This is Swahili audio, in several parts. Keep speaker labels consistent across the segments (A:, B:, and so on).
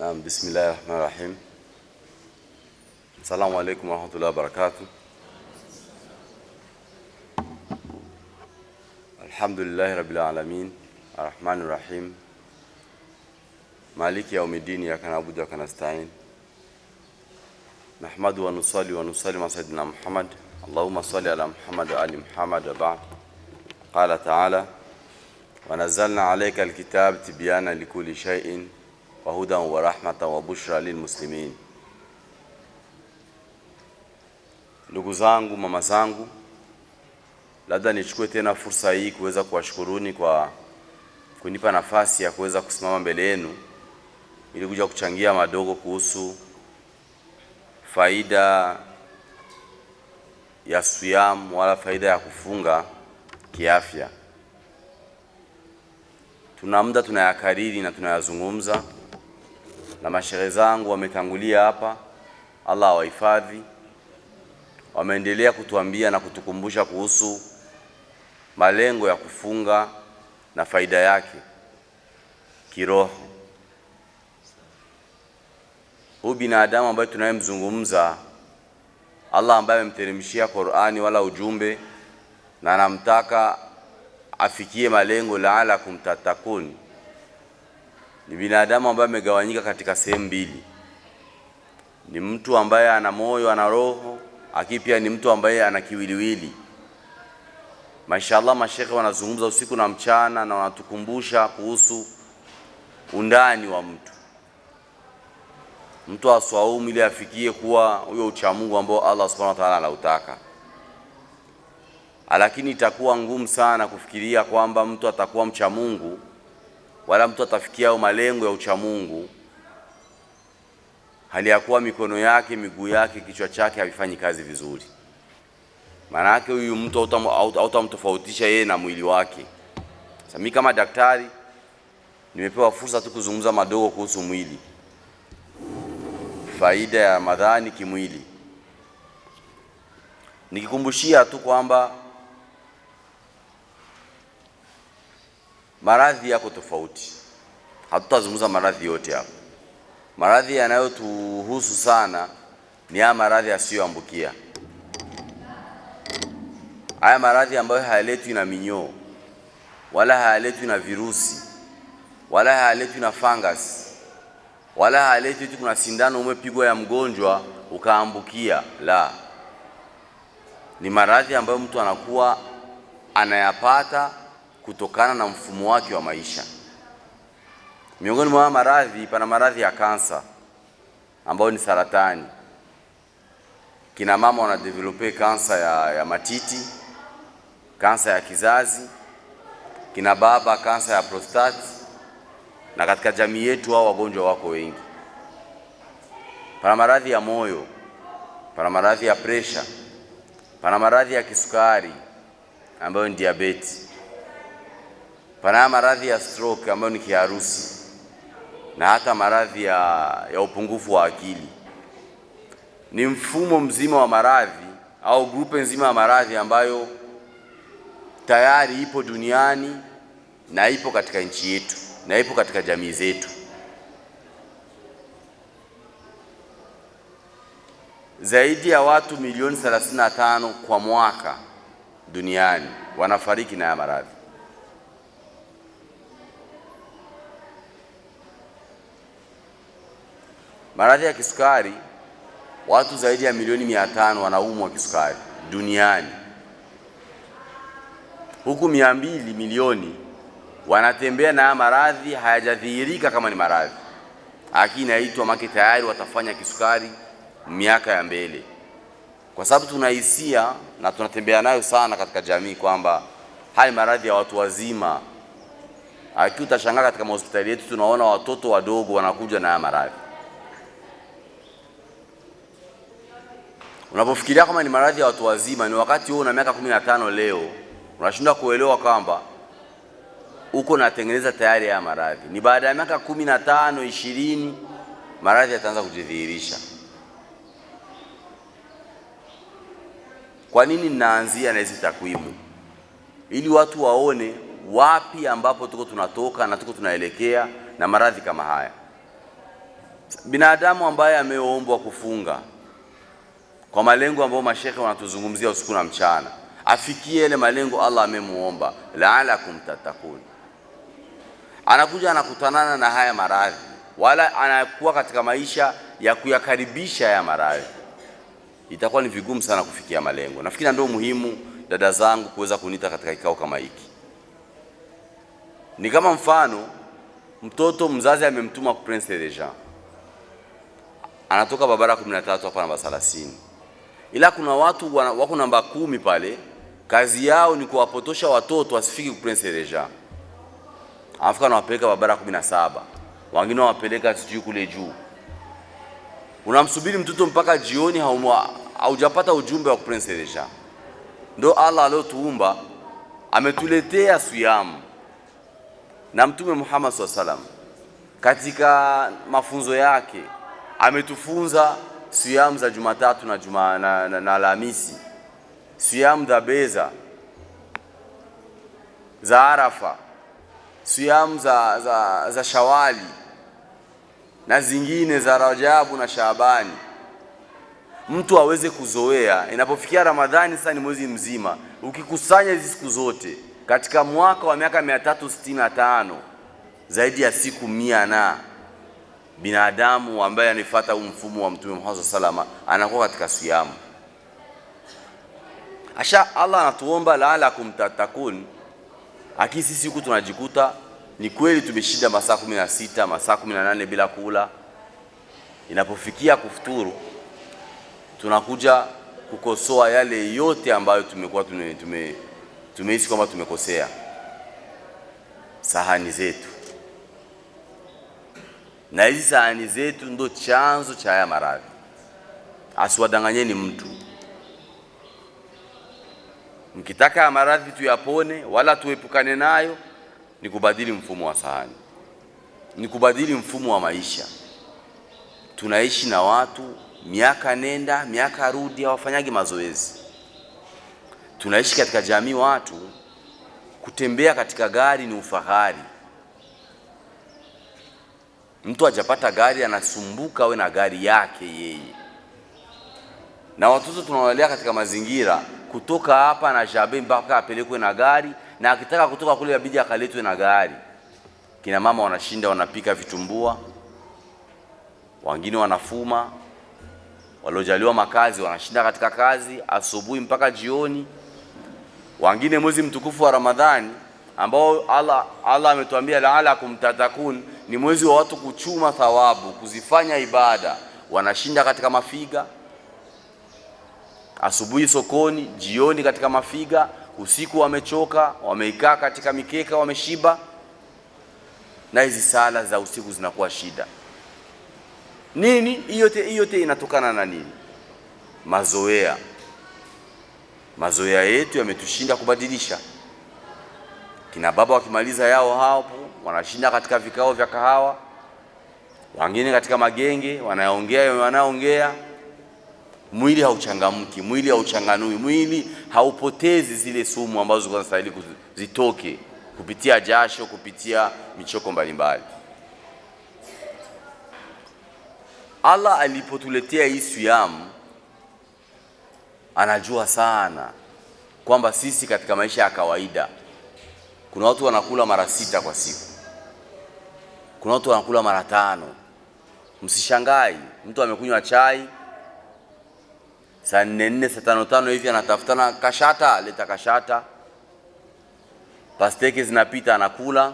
A: نعم بسم الله الرحمن الرحيم السلام عليكم ورحمة الله وبركاته الحمد لله رب العالمين الرحمن الرحيم مالك يوم الدين يا كان عبد وكان نستعين نحمد ونصلي ونصلي على سيدنا محمد اللهم صل على محمد وعلى محمد وبعد قال تعالى ونزلنا عليك الكتاب تبيانا لكل شيء wa hudan wa rahmatan wa bushra lilmuslimin. Ndugu zangu, mama zangu, labda nichukue tena fursa hii kuweza kuwashukuruni kwa kunipa nafasi ya kuweza kusimama mbele yenu ili kuja kuchangia madogo kuhusu faida ya siyam wala faida ya kufunga kiafya. Tuna muda tunayakariri na tunayazungumza na mashehe zangu wametangulia hapa, Allah awahifadhi. Wameendelea kutuambia na kutukumbusha kuhusu malengo ya kufunga na faida yake kiroho. Huyu binadamu ambaye tunayemzungumza, Allah ambaye amemteremshia Qur'ani wala ujumbe na anamtaka afikie malengo, laalakum tattaqun ni binadamu ambaye amegawanyika katika sehemu mbili, ni mtu ambaye ana moyo ana roho, lakini pia ni mtu ambaye ana kiwiliwili. Mashaallah, mashekhe wanazungumza usiku na mchana na wanatukumbusha kuhusu undani wa mtu. Mtu aswaumu ili afikie kuwa huyo uchamungu ambao Allah subhanahu wa ta'ala anautaka, lakini itakuwa ngumu sana kufikiria kwamba mtu atakuwa mchamungu wala mtu atafikiao malengo ya uchamungu hali ya kuwa mikono yake, miguu yake, kichwa chake havifanyi kazi vizuri. Maana yake huyu mtu hautamtofautisha yeye na mwili wake. Sasa mimi kama daktari nimepewa fursa tu kuzungumza madogo kuhusu mwili, faida ya Ramadhani kimwili, nikikumbushia tu kwamba Maradhi yako tofauti, hatutazungumza maradhi yote hapo. Maradhi yanayotuhusu sana ni haya maradhi yasiyoambukia, haya maradhi ambayo hayaletwi na minyoo wala hayaletwi na virusi wala hayaletwi na fungus wala hayaletwi tu kuna sindano umepigwa ya mgonjwa ukaambukia. La, ni maradhi ambayo mtu anakuwa anayapata kutokana na mfumo wake wa maisha. Miongoni mwa maradhi, pana maradhi ya kansa ambayo ni saratani. Kina mama develop kansa ya, ya matiti, kansa ya kizazi, kina baba kansa ya prostati, na katika jamii yetu hao wagonjwa wako wengi. Pana maradhi ya moyo, pana maradhi ya pressure, pana maradhi ya kisukari ambayo ni diabeti pana maradhi ya stroke ambayo ni kiharusi na hata maradhi ya, ya upungufu wa akili. Ni mfumo mzima wa maradhi au grupe nzima ya maradhi ambayo tayari ipo duniani na ipo katika nchi yetu na ipo katika jamii zetu. Zaidi ya watu milioni 35 kwa mwaka duniani wanafariki na ya maradhi. Maradhi ya kisukari, watu zaidi ya milioni mia tano wanaumwa kisukari duniani, huku mia mbili milioni wanatembea na maradhi hayajadhihirika kama ni maradhi, lakini inaitwa make tayari watafanya kisukari miaka ya mbele, kwa sababu tunahisia na tunatembea nayo sana katika jamii kwamba haya maradhi ya watu wazima. akiutashangaa utashangaa katika mahospitali yetu tunaona watoto wadogo wanakuja na maradhi. Unapofikiria kama ni maradhi ya watu wazima, ni wakati wewe una miaka 15 leo unashindwa kuelewa kwamba uko natengeneza tayari haya maradhi. Ni baada ya miaka 15 20 maradhi yataanza kujidhihirisha. Kwa nini ninaanzia na hizi takwimu? Ili watu waone wapi ambapo tuko tunatoka na tuko tunaelekea na maradhi kama haya. Binadamu ambaye ameombwa kufunga kwa malengo ambayo mashekhe wanatuzungumzia usiku na mchana, afikie yale malengo Allah amemuomba, laalakum tattaqun. Anakuja anakutanana na haya maradhi, wala anakuwa katika maisha ya kuyakaribisha haya maradhi, itakuwa ni vigumu sana kufikia malengo. Nafikiri ndio muhimu dada zangu kuweza kunita katika kikao kama hiki. Ni kama mfano mtoto mzazi amemtuma Prince Regent, anatoka barabara 13 hapa namba 30 ila kuna watu wako namba kumi pale, kazi yao ni kuwapotosha watoto wasifiki ku Prince Deja, alafu anawapeleka barabara kumi na saba, wengine wawapeleka sijui kule juu. Unamsubiri mtoto mpaka jioni, haujapata ujumbe wa ku Prince Ndo Allah aliotuumba ametuletea siyamu na Mtume Muhammad sallallahu alaihi wasallam katika mafunzo yake ametufunza siamu za Jumatatu na juma, na, na, na Alhamisi, siamu za beza za Arafa, siamu za, za, za Shawali na zingine za Rajabu na Shaabani, mtu aweze kuzoea. Inapofikia Ramadhani sasa ni mwezi mzima, ukikusanya hizi siku zote katika mwaka wa miaka 365 zaidi ya siku mia na binadamu ambaye anifuata huu mfumo wa Mtume Muhammad sallama anakuwa katika siamu. Asha Allah anatuomba laalakum tatakun, akini sisi huku tunajikuta ni kweli tumeshinda masaa kumi na sita masaa kumi na nane bila kula. Inapofikia kufuturu, tunakuja kukosoa yale yote ambayo tumekuwa tumehisi tume, tume kwamba tumekosea sahani zetu na hizi sahani zetu ndo chanzo cha haya maradhi. Asiwadanganyeni mtu, mkitaka maradhi tuyapone wala tuepukane nayo ni kubadili mfumo wa sahani, ni kubadili mfumo wa maisha. Tunaishi na watu miaka nenda miaka rudi, hawafanyagi mazoezi. Tunaishi katika jamii, watu kutembea katika gari ni ufahari. Mtu hajapata gari anasumbuka awe na gari yake yeye, na watoto tunawalea katika mazingira kutoka hapa na Jabe mpaka apelekwe na gari, na akitaka kutoka kule abidi akaletwe na gari. Kina mama wanashinda wanapika vitumbua, wengine wanafuma, waliojaliwa makazi wanashinda katika kazi asubuhi mpaka jioni, wengine mwezi mtukufu wa Ramadhani ambao Allah Allah ametuambia laalakum tatakun, ni mwezi wa watu kuchuma thawabu, kuzifanya ibada. Wanashinda katika mafiga, asubuhi sokoni, jioni katika mafiga, usiku wamechoka, wameikaa katika mikeka, wameshiba, na hizi sala za usiku zinakuwa shida. Nini hiyo yote? Yote inatokana na nini? Mazoea. Mazoea yetu yametushinda kubadilisha Kina baba wakimaliza yao hapo, wanashinda katika vikao vya kahawa, wengine katika magenge, wanaongea wanaongea. Mwili hauchangamki, mwili hauchanganui, mwili haupotezi zile sumu ambazo zinastahili zitoke kupitia jasho, kupitia michoko mbalimbali. Allah alipotuletea hii siamu anajua sana kwamba sisi katika maisha ya kawaida kuna watu wanakula mara sita kwa siku, kuna watu wanakula mara tano. Msishangai mtu amekunywa chai saa nne nne saa tano tano hivi anatafutana kashata, leta kashata, pasteki zinapita anakula.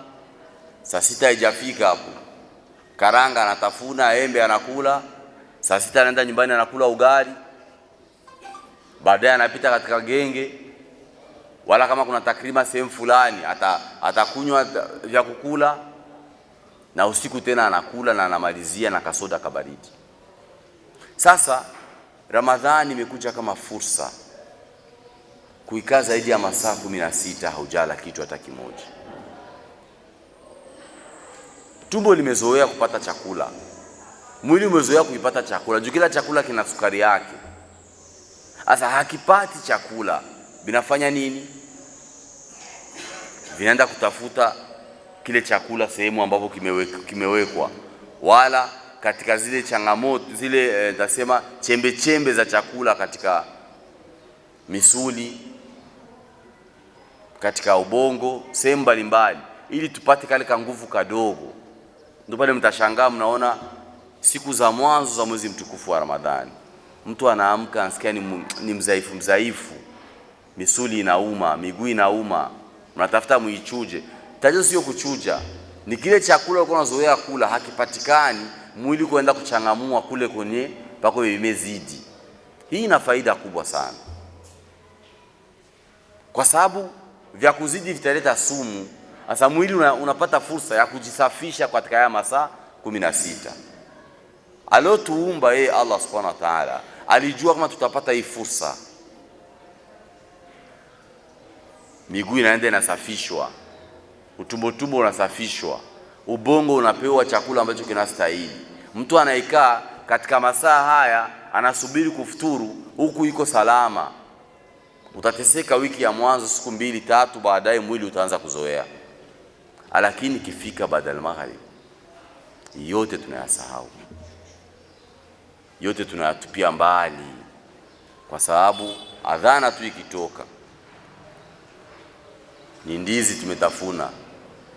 A: Saa sita haijafika hapo, karanga anatafuna, embe anakula. Saa sita anaenda nyumbani anakula ugali, baadaye anapita katika genge wala kama kuna takrima sehemu fulani atakunywa ata vya kukula, na usiku tena anakula na anamalizia na kasoda kabaridi. Sasa Ramadhani imekuja kama fursa kuikaa zaidi ya masaa kumi na sita haujala kitu hata kimoja. Tumbo limezoea kupata chakula, mwili umezoea kuipata chakula juu kila chakula kina sukari yake. Sasa hakipati chakula vinafanya nini? Vinaenda kutafuta kile chakula sehemu ambapo kimewekwa, wala katika zile changamoto zile, eh, nitasema e, chembe chembe za chakula katika misuli, katika ubongo, sehemu mbalimbali, ili tupate kale ka nguvu kadogo. Ndio pale mtashangaa, mnaona siku za mwanzo za mwezi mtukufu wa Ramadhani, mtu anaamka anasikia ni, ni mzaifu mzaifu misuli inauma, miguu inauma, mnatafuta muichuje. Tatizo sio kuchuja, ni kile chakula ulikuwa unazoea kula hakipatikani, mwili kuenda kuchangamua kule kwenye pako imezidi. Hii ina faida kubwa sana, kwa sababu vya kuzidi vitaleta sumu. Sasa mwili una, unapata fursa ya kujisafisha katika haya masaa kumi na sita aliotuumba yeye Allah subhanahu wa ta'ala alijua kama tutapata hii fursa. miguu inaenda inasafishwa, utumbotumbo unasafishwa, ubongo unapewa chakula ambacho kinastahili. Mtu anayekaa katika masaa haya anasubiri kufuturu huku iko salama, utateseka wiki ya mwanzo, siku mbili tatu, baadaye mwili utaanza kuzoea, lakini kifika baada ya magharibi yote tunayasahau, yote tunayatupia mbali, kwa sababu adhana tu ikitoka ni ndizi tumetafuna,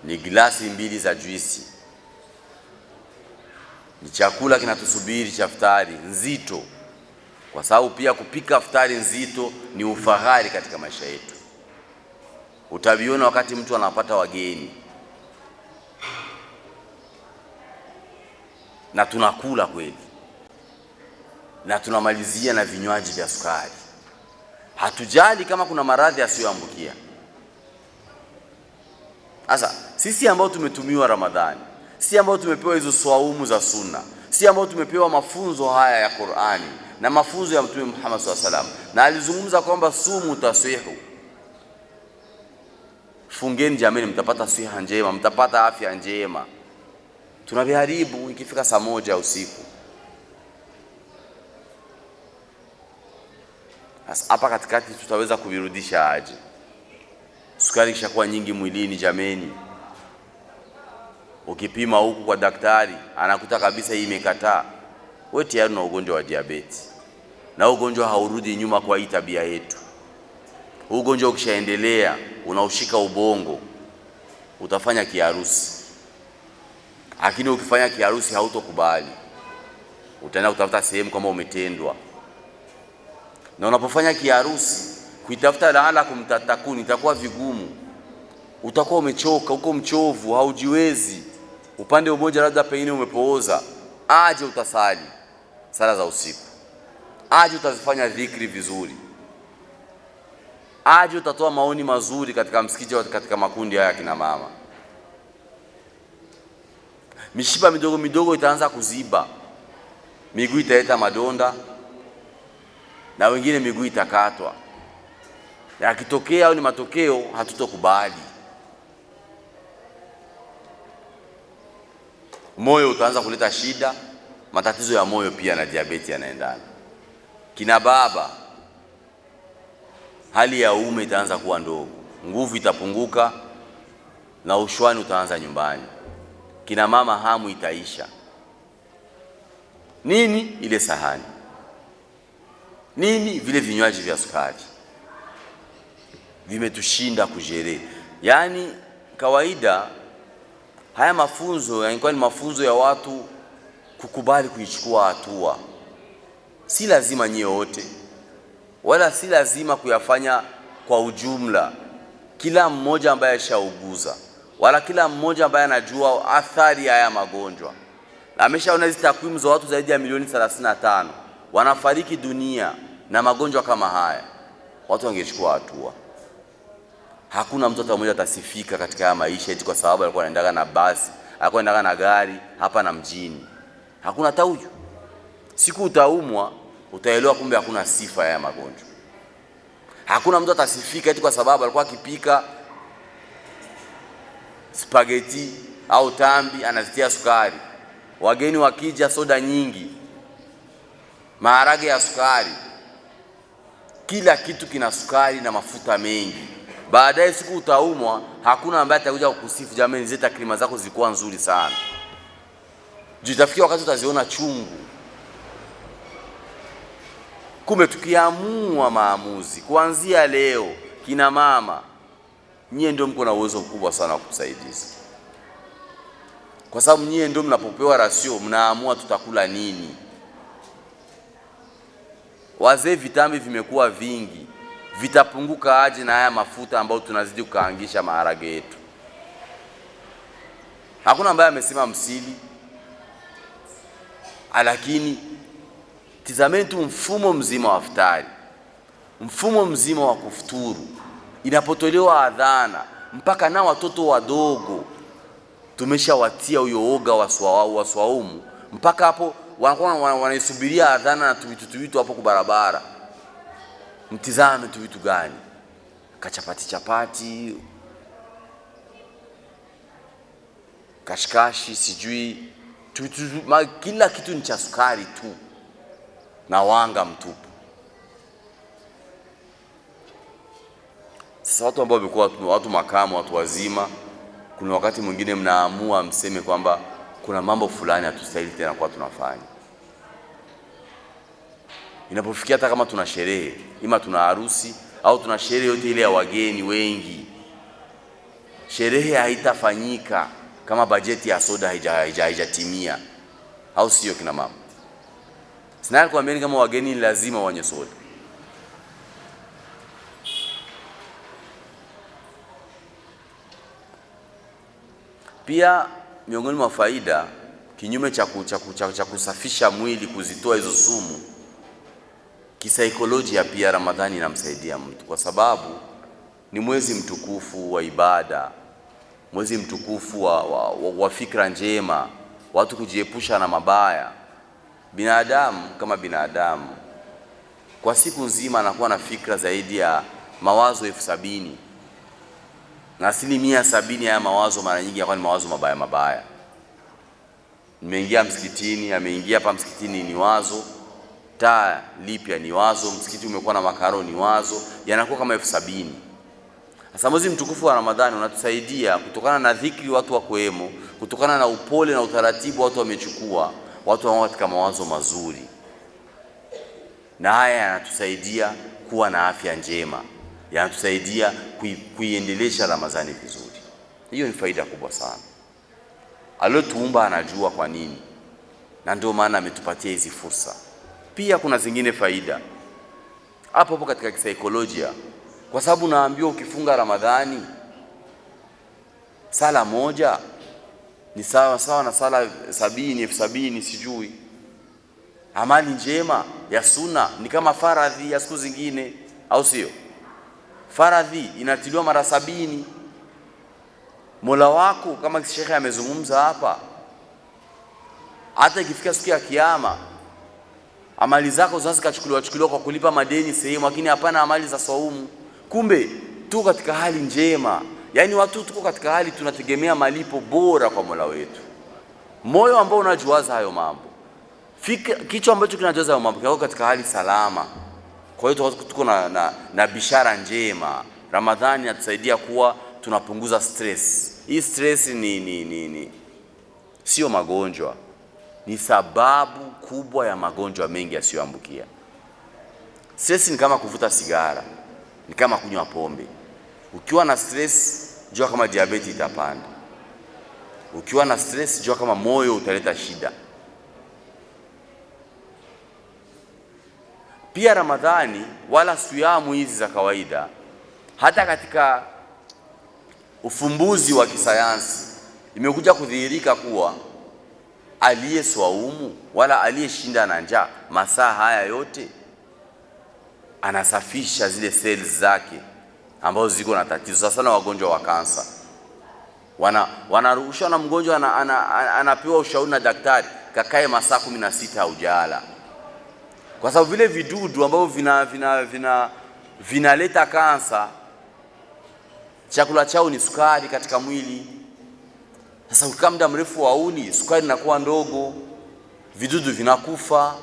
A: ni glasi mbili za juisi, ni chakula kinatusubiri cha futari nzito, kwa sababu pia kupika futari nzito ni ufahari katika maisha yetu. Utaviona wakati mtu anapata wageni na tunakula kweli, na tunamalizia na vinywaji vya sukari. Hatujali kama kuna maradhi asiyoambukia sasa sisi ambao tumetumiwa Ramadhani, sisi ambao tumepewa hizo swaumu za sunna, sisi ambao tumepewa mafunzo haya ya Qur'ani na mafunzo ya Mtume Muhammad SAW alaihi na alizungumza kwamba sumu taswihu, fungeni jamani, mtapata siha njema, mtapata afya njema. Tunaviharibu ikifika saa moja usiku. Sasa hapa katikati tutaweza kuvirudisha aje? Sukari kishakuwa nyingi mwilini jameni, ukipima huku kwa daktari anakuta kabisa hii imekataa, wewe tayari una ugonjwa wa diabeti, na ugonjwa haurudi nyuma kwa hii tabia yetu. Ugonjwa ukishaendelea unaushika ubongo, utafanya kiharusi, lakini ukifanya kiharusi hautokubali, utaenda kutafuta sehemu kama umetendwa, na unapofanya kiharusi kuitafuta laalakum tatakun itakuwa vigumu, utakuwa umechoka, uko mchovu, haujiwezi, upande mmoja labda pengine umepooza. Aje utasali sala za usiku, aje utazifanya dhikri vizuri, aje utatoa maoni mazuri katika msikiti, katika makundi haya ya kina mama. Mishipa midogo midogo itaanza kuziba, miguu italeta madonda, na wengine miguu itakatwa yakitokea au ni matokeo, hatutokubali. Moyo utaanza kuleta shida, matatizo ya moyo pia na diabeti yanaendana. Kina baba, hali ya uume itaanza kuwa ndogo, nguvu itapunguka na ushwani utaanza nyumbani. Kina mama, hamu itaisha. Nini ile sahani, nini vile vinywaji vya sukari vimetushinda kujere. Yaani kawaida haya mafunzo yalikuwa ni mafunzo ya watu kukubali kuichukua hatua. Si lazima nyie wote, wala si lazima kuyafanya kwa ujumla. Kila mmoja ambaye ashauguza, wala kila mmoja ambaye anajua athari ya haya magonjwa, ameshaona hizi takwimu za watu zaidi ya milioni 35 wanafariki dunia na magonjwa kama haya, watu wangechukua hatua. Hakuna mtoto mmoja atasifika katika haya maisha eti kwa sababu alikuwa anaendaga na basi, alikuwa anaendaga na gari hapa na mjini. Hakuna tauju. Siku utaumwa utaelewa kumbe hakuna sifa ya magonjwa. Hakuna mtu atasifika eti kwa sababu alikuwa akipika spaghetti au tambi anazitia sukari, wageni wakija soda nyingi, maharage ya sukari, kila kitu kina sukari na mafuta mengi baadaye siku utaumwa, hakuna ambaye atakuja kukusifu, jamani, zile takrima zako zilikuwa nzuri sana. Juu itafikia wakati utaziona chungu. Kumbe tukiamua maamuzi kuanzia leo, kina mama nyie ndio mko na uwezo mkubwa sana wa kusaidiza kwa sababu nyie ndio mnapopewa rasio, mnaamua tutakula nini. Wazee, vitambi vimekuwa vingi vitapunguka aje na haya mafuta ambayo tunazidi kukaangisha maharage yetu? Hakuna ambaye amesema msili, lakini tizameni tu mfumo mzima wa iftari, mfumo mzima wa kufuturu, inapotolewa adhana mpaka na watoto wadogo tumeshawatia huyo oga wa swaumu, mpaka hapo wanakuwa wanaisubiria adhana na tuwitutuwitu hapo kubarabara mtizame tu vitu gani, kachapati chapati, kashikashi, sijui kila kitu ni cha sukari tu na wanga mtupu. Sasa watu ambao wamekuwa watu makamu, watu wazima, kuna wakati mwingine mnaamua mseme kwamba kuna mambo fulani hatustahili tena kuwa tunafanya inapofikia hata kama tuna sherehe ima tuna harusi au tuna sherehe yote ile ya wageni wengi, sherehe haitafanyika kama bajeti ya soda haijatimia, au sio kina mama? Sina kuambieni kama wageni lazima wanywe soda. Pia miongoni mwa faida kinyume cha kusafisha mwili, kuzitoa hizo sumu Kisaikolojia pia Ramadhani inamsaidia mtu kwa sababu ni mwezi mtukufu wa ibada, mwezi mtukufu wa, wa, wa, wa fikra njema, watu kujiepusha na mabaya. Binadamu kama binadamu kwa siku nzima anakuwa na fikra zaidi ya mawazo elfu sabini na asilimia sabini haya mawazo mara nyingi yanakuwa ni mawazo mabaya mabaya. Nimeingia msikitini, ameingia hapa msikitini ni wazo taa lipya ni wazo, msikiti umekuwa na makaro ni wazo, yanakuwa kama elfu sabini. Sasa mwezi mtukufu wa Ramadhani unatusaidia kutokana na dhikri watu wakwemo, kutokana na upole na utaratibu watu wamechukua, watu wao katika mawazo mazuri, na haya yanatusaidia kuwa na afya njema, yanatusaidia kuiendelesha Ramadhani vizuri. Hiyo ni faida kubwa sana. Aliotuumba anajua kwa nini, na ndio maana ametupatia hizi fursa pia kuna zingine faida hapo hapo katika kisaikolojia, kwa sababu naambiwa ukifunga Ramadhani sala moja ni sawa sawa na sala sabini elfu sabini sijui. Amali njema ya suna ni kama faradhi ya siku zingine, au sio? Faradhi inatiliwa mara sabini. Mola wako kama shekhe amezungumza hapa, hata ikifika siku ya Kiyama amali zako sasa zikachukuliwa chukuliwa kwa kulipa madeni sehemu, lakini hapana amali za saumu. Kumbe tu katika hali njema, yaani watu tuko katika hali tunategemea malipo bora kwa Mola wetu. Moyo ambao unajuaza hayo mambo, fikra, kichwa ambacho kinajuaza hayo mambo, katika hali salama. Kwa hiyo tuko na, na, na bishara njema. Ramadhani inatusaidia kuwa tunapunguza stress. Hii stress ni, ni, ni, ni sio magonjwa ni sababu kubwa ya magonjwa mengi yasiyoambukia. Stress ni kama kuvuta sigara, ni kama kunywa pombe. Ukiwa na stress, jua kama diabeti itapanda. Ukiwa na stress, jua kama moyo utaleta shida. Pia Ramadhani wala siamu hizi za kawaida, hata katika ufumbuzi wa kisayansi imekuja kudhihirika kuwa aliyeswaumu wala aliyeshinda na njaa masaa haya yote, anasafisha zile cells zake ambazo ziko na tatizo. Sasa na wagonjwa wa kansa wanaruhushwa na mgonjwa ana, ana, ana, anapewa ushauri na daktari, kakae masaa kumi na sita haujala, kwa sababu vile vidudu ambavyo vinaleta vina, vina, vina kansa, chakula chao ni sukari katika mwili sasa ukikaa muda mrefu hauni, sukari inakuwa ndogo, vidudu vinakufa,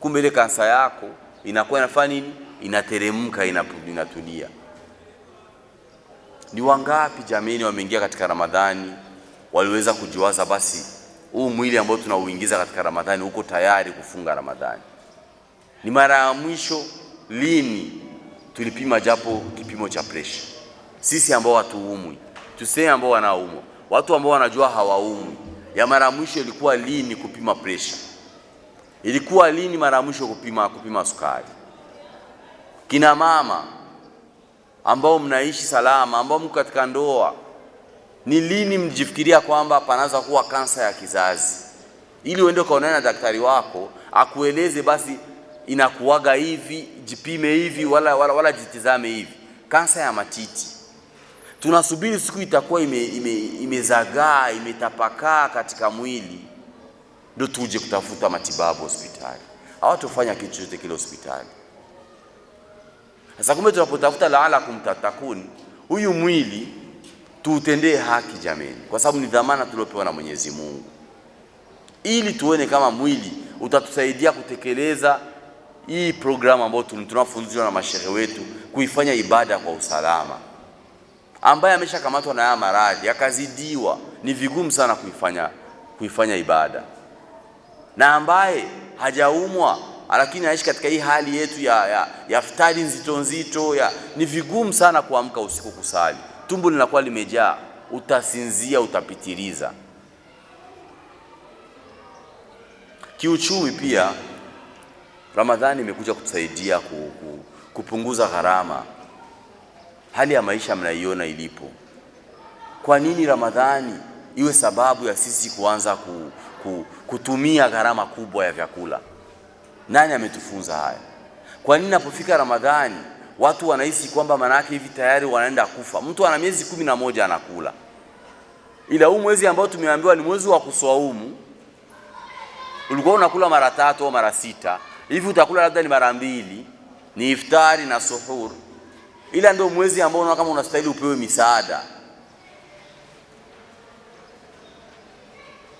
A: kumbe ile kansa yako inakuwa inafanya nini? Inateremka, inatulia. Ni wangapi jamani wameingia katika Ramadhani waliweza kujiwaza, basi huu mwili ambao tunauingiza katika Ramadhani uko tayari kufunga Ramadhani? Ni mara ya mwisho lini tulipima japo kipimo cha pressure? Sisi ambao hatuumwi, tuseme ambao wanaumwa watu ambao wanajua hawaumwi. Ya mara mwisho ilikuwa lini kupima presha? Ilikuwa lini mara mwisho kupima kupima sukari? Kina mama ambao mnaishi salama, ambao mko katika ndoa, ni lini mjifikiria kwamba panaweza kuwa kansa ya kizazi, ili uende ukaonana na daktari wako akueleze basi inakuwaga hivi, jipime hivi, wala, wala, wala jitizame hivi. Kansa ya matiti tunasubiri siku itakuwa imezagaa ime, ime imetapakaa katika mwili ndio tuje kutafuta matibabu hospitali. Hawatofanya kitu chochote kile hospitali. Sasa kumbe tunapotafuta laalakum tatakun, huyu mwili tuutendee haki jameni, kwa sababu ni dhamana tuliopewa na Mwenyezi Mungu, ili tuone kama mwili utatusaidia kutekeleza hii programu ambayo tunafunziwa na mashehe wetu, kuifanya ibada kwa usalama ambaye ameshakamatwa na haya maradhi akazidiwa, ni vigumu sana kuifanya, kuifanya ibada, na ambaye hajaumwa lakini anaishi katika hii hali yetu ya, ya, ya futari nzito nzito ya, ni vigumu sana kuamka usiku kusali, tumbo linakuwa limejaa, utasinzia, utapitiliza. Kiuchumi pia Ramadhani imekuja kutusaidia kupunguza gharama Hali ya maisha mnaiona ilipo. Kwa nini Ramadhani iwe sababu ya sisi kuanza ku, ku, kutumia gharama kubwa ya vyakula? Nani ametufunza haya? Kwa nini napofika Ramadhani watu wanahisi kwamba manake hivi tayari wanaenda kufa? Mtu ana miezi kumi na moja anakula, ila huu mwezi ambao tumeambiwa ni mwezi wa kuswaumu, ulikuwa unakula mara tatu au mara sita hivi, utakula labda ni mara mbili, ni iftari na suhur ila ndio mwezi ambao unaona kama unastahili upewe misaada.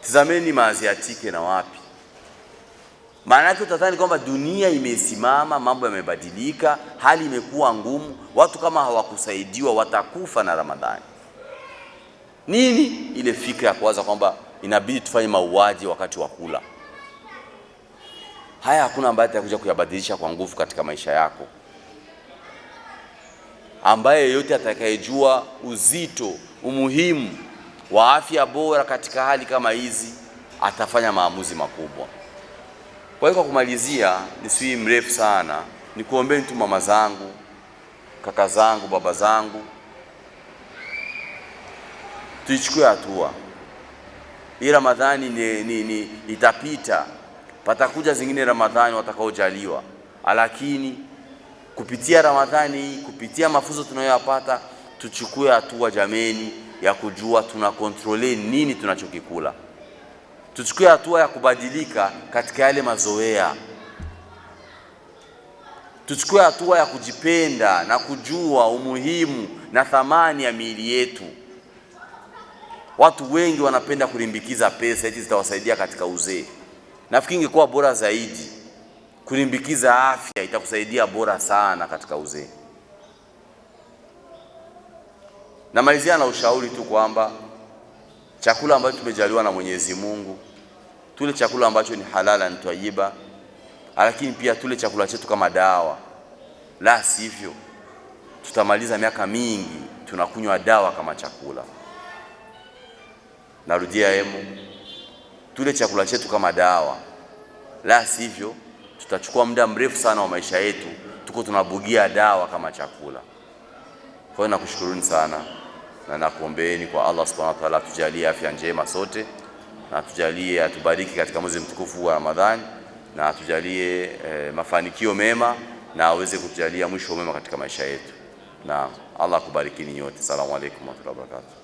A: Tazameni maaziatike na wapi, maana yake utadhani kwamba dunia imesimama, mambo yamebadilika, hali imekuwa ngumu, watu kama hawakusaidiwa watakufa na Ramadhani nini, ile fikra ya kuwaza kwamba inabidi tufanye mauaji wakati wa kula. Haya hakuna ambaye atakuja kuyabadilisha kwa nguvu katika maisha yako ambaye yeyote atakayejua uzito, umuhimu wa afya bora katika hali kama hizi atafanya maamuzi makubwa. Kwa hiyo kwa kumalizia, nisiwi mrefu sana, nikuombeni tu mama zangu, kaka zangu, baba zangu, tuichukue hatua. Hii Ramadhani ni, ni, ni, itapita, patakuja zingine Ramadhani watakaojaliwa, lakini kupitia Ramadhani, kupitia mafunzo tunayoyapata, tuchukue hatua jameni, ya kujua tuna kontrole nini tunachokikula. Tuchukue hatua ya kubadilika katika yale mazoea. Tuchukue hatua ya kujipenda na kujua umuhimu na thamani ya miili yetu. Watu wengi wanapenda kulimbikiza pesa eti zitawasaidia katika uzee. Nafikiri ingekuwa bora zaidi kulimbikiza afya itakusaidia bora sana katika uzee. Namalizia na ushauri tu kwamba chakula ambacho tumejaliwa na Mwenyezi Mungu tule chakula ambacho ni halala, ni twayiba, lakini pia tule chakula chetu kama dawa, la sivyo tutamaliza miaka mingi tunakunywa dawa kama chakula. Narudia hemu, tule chakula chetu kama dawa, la sivyo tutachukua muda mrefu sana wa maisha yetu tuko tunabugia dawa kama chakula. Kwa hiyo nakushukuruni sana na nakuombeeni kwa Allah subhanahu wa ta'ala, atujalie afya njema sote na tujalie atubariki katika mwezi mtukufu wa Ramadhani na atujalie e, mafanikio mema na aweze kutujalia mwisho mwema katika maisha yetu, na Allah akubarikini nyote. Asalamu alaykum wa rahmatullahi wa barakatuh.